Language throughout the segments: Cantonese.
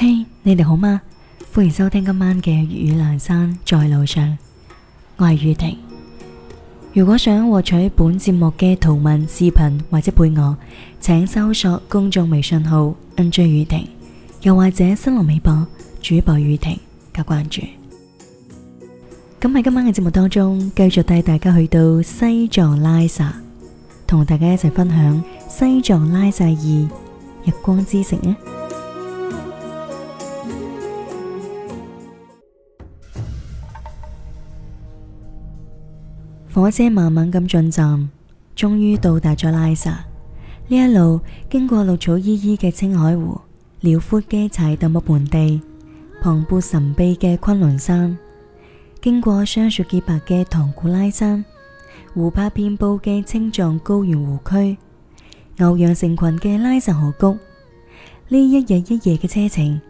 嘿，hey, 你哋好嗎？歡迎收聽今晚嘅《粵語闌山在路上》，我係宇婷。如果想獲取本節目嘅圖文、視頻或者配樂，請搜索公眾微信號 NJ 宇婷，又或者新浪微博主播宇婷加關注。咁喺今晚嘅節目當中，繼續帶大家去到西藏拉薩，同大家一齊分享西藏拉薩二日光之城啊！火車慢慢咁進站，終於到達咗拉薩。呢一路經過綠草依依嘅青海湖、遼闊嘅柴達木盆地、磅礴神秘嘅崑崙山，經過霜雪潔白嘅唐古拉山、湖泊遍佈嘅青藏高原湖區、牛羊成群嘅拉薩河谷。呢一日一夜嘅車程，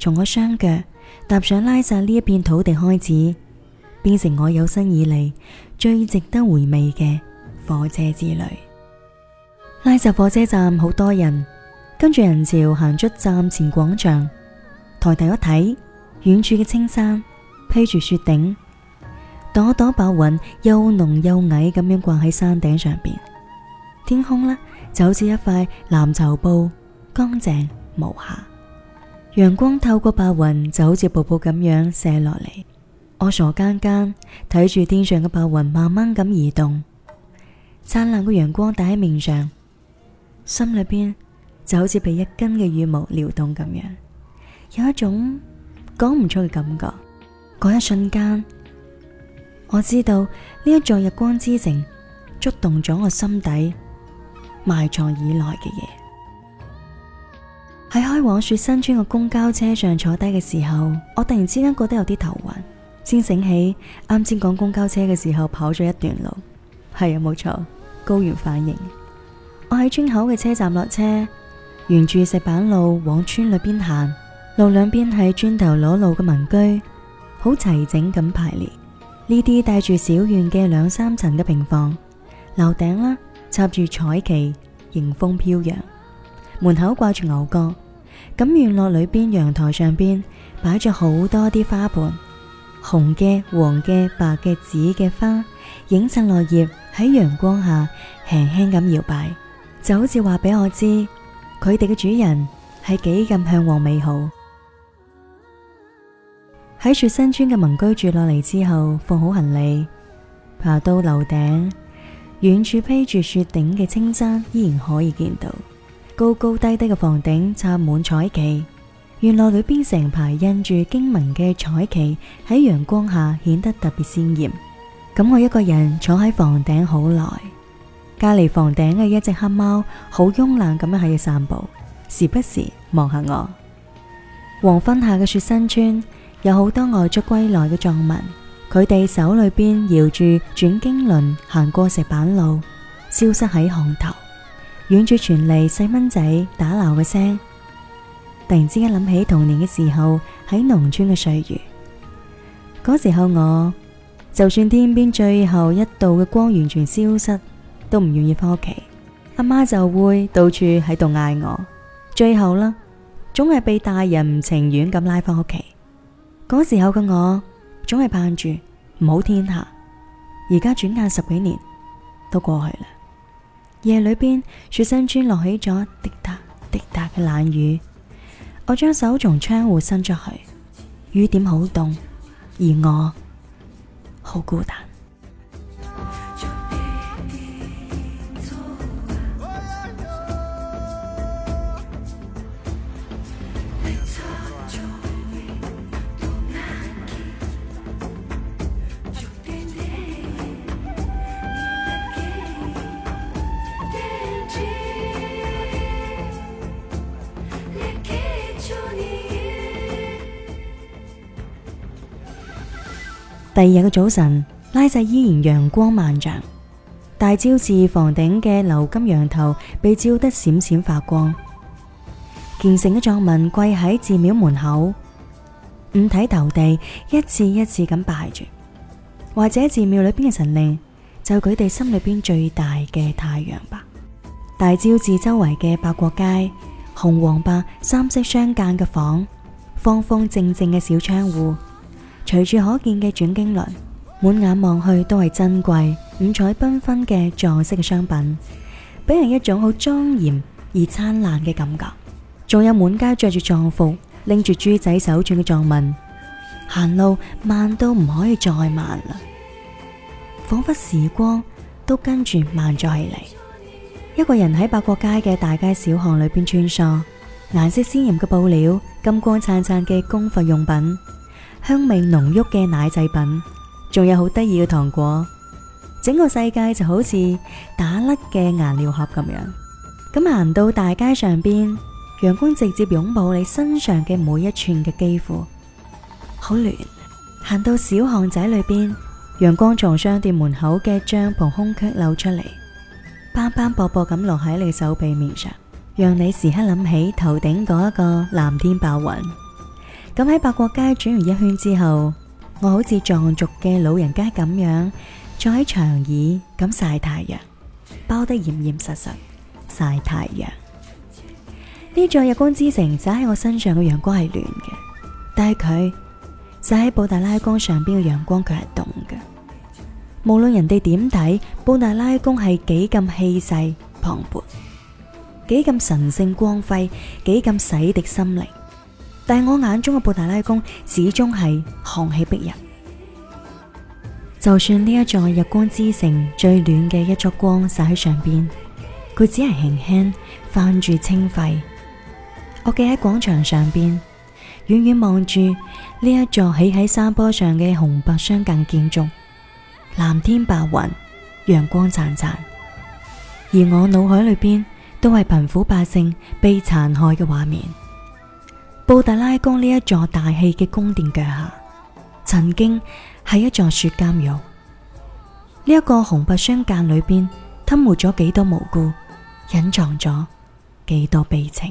從我雙腳踏上拉薩呢一片土地開始，變成我有生以嚟最值得回味嘅火車之旅。拉薩火車站好多人，跟住人潮行出站前廣場，抬頭一睇，遠處嘅青山披住雪頂，朵朵白雲又濃又矮咁樣掛喺山頂上邊。天空呢，就好似一塊藍綢布，乾淨無瑕。陽光透過白雲就好似瀑布咁樣射落嚟。我傻更更睇住天上嘅白雲慢慢咁移動，燦爛嘅陽光打喺面上，心裏邊就好似被一根嘅羽毛撩動咁樣，有一種講唔出嘅感覺。嗰一瞬間，我知道呢一座日光之城觸動咗我心底埋藏以來嘅嘢。喺開往雪新村嘅公交車上坐低嘅時候，我突然之間覺得有啲頭暈。先醒起，啱先趕公交車嘅時候跑咗一段路，係啊冇錯，高原反應。我喺村口嘅車站落車，沿住石板路往村裏邊行，路兩邊係磚頭裸露嘅民居，好齊整咁排列。呢啲帶住小院嘅兩三層嘅平房，樓頂啦、啊、插住彩旗，迎風飄揚。門口掛住牛角，咁院落裏邊，陽台上邊擺住好多啲花盆。紅嘅、黃嘅、白嘅、紫嘅花，映襯綠葉喺陽光下輕輕咁搖擺，就好似話俾我知佢哋嘅主人係幾咁向往美好。喺雪新村嘅民居住落嚟之後，放好行李，爬到樓頂，遠處披住雪頂嘅青山依然可以見到高高低低嘅房頂插滿彩旗。院落裏邊成排印住經文嘅彩旗喺陽光下顯得特別鮮豔。咁我一個人坐喺房頂好耐，隔籬房頂嘅一隻黑貓好慵懶咁樣喺度散步，時不時望下我。黃昏下嘅雪新村有好多外出歸來嘅藏民，佢哋手裏邊搖住轉經輪行過石板路，消失喺巷頭。遠處傳嚟細蚊仔打鬧嘅聲。突然之間諗起童年嘅時候喺農村嘅歲月，嗰時候我就算天邊最後一道嘅光完全消失，都唔願意翻屋企。阿媽，媽就會到處喺度嗌我，最後啦，總係被大人唔情願咁拉翻屋企。嗰時候嘅我總係盼住唔好天黑。而家轉眼十幾年都過去啦，夜裏邊雪新村落起咗滴答滴答嘅冷雨。我將手從窗戶伸出去，雨點好凍，而我好孤單。第二日嘅早晨，拉薩依然陽光萬丈，大昭寺房頂嘅鎏金羊頭被照得閃閃發光。虔誠嘅藏民跪喺寺廟門口，五體投地，一次一次咁拜住。或者寺廟裏邊嘅神靈就佢哋心裏邊最大嘅太陽吧。大昭寺周圍嘅八廓街，紅黃白三色相間嘅房，方方正正嘅小窗戶。隨處可見嘅轉經輪，滿眼望去都係珍貴五彩繽紛嘅藏式嘅商品，俾人一種好莊嚴而燦爛嘅感覺。仲有滿街着住藏服、拎住珠仔手串嘅藏民，行路慢到唔可以再慢啦，仿佛時光都跟住慢咗起嚟。一個人喺八廓街嘅大街小巷裏邊穿梭，顏色鮮艷嘅布料、金光燦燦嘅供佛用品。香味濃郁嘅奶製品，仲有好得意嘅糖果，整個世界就好似打甩嘅顏料盒咁樣。咁行到大街上邊，陽光直接擁抱你身上嘅每一寸嘅肌膚，好暖。行到小巷仔裏邊，陽光從商店門口嘅帳篷空隙漏出嚟，斑斑駁駁咁落喺你手臂面上，讓你時刻諗起頭頂嗰一個藍天白雲。咁喺八廓街轉完一圈之後，我好似藏族嘅老人家咁樣坐喺長椅咁曬太陽，包得嚴嚴實實曬太陽。呢座日光之城灑喺、就是、我身上嘅陽光係暖嘅，但係佢灑喺布達拉宮上邊嘅陽光佢係凍嘅。無論人哋點睇布達拉宮係幾咁氣勢磅礴，幾咁神聖光輝，幾咁洗滌心靈。但我眼中嘅布達拉宮始終係寒氣逼人，就算呢一座日光之城最暖嘅一束光灑喺上邊，佢只係輕輕泛住青灰。我企喺廣場上邊，遠遠望住呢一座起喺山坡上嘅紅白相間建築，藍天白雲，陽光燦燦，而我腦海裏邊都係貧苦百姓被殘害嘅畫面。布達拉宮呢一座大氣嘅宮殿腳下，曾經係一座雪監獄。呢、這、一個紅白相間裏邊，吞沒咗幾多無辜，隱藏咗幾多悲情。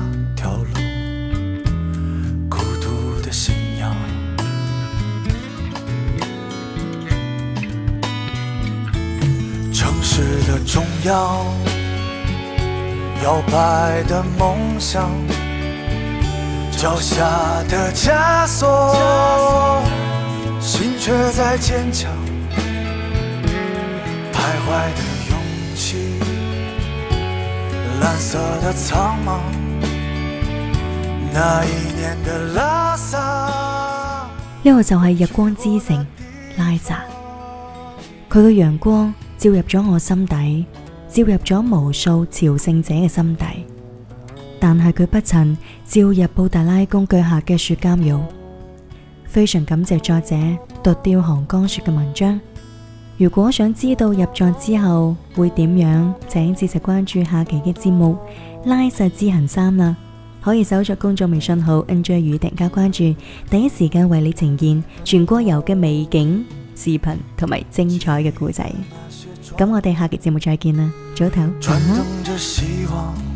中搖擺的夢想，腳下的枷鎖，心卻在堅強，徘徊的勇氣，藍色的蒼茫，那一年的拉薩，呢個就係日光之城拉薩，佢嘅陽光。照入咗我心底，照入咗無數朝聖者嘅心底，但係佢不曾照入布達拉宮腳下嘅雪監獄。非常感謝作者獨釣寒江雪嘅文章。如果想知道入座之後會點樣，請持續關注下期嘅節目拉薩之行三啦。可以搜索公眾微信號 NJ 宇婷訂閱加關注，第一時間為你呈現全國遊嘅美景視頻同埋精彩嘅故仔。咁我哋下期節目再見啦，早唞，好嗎？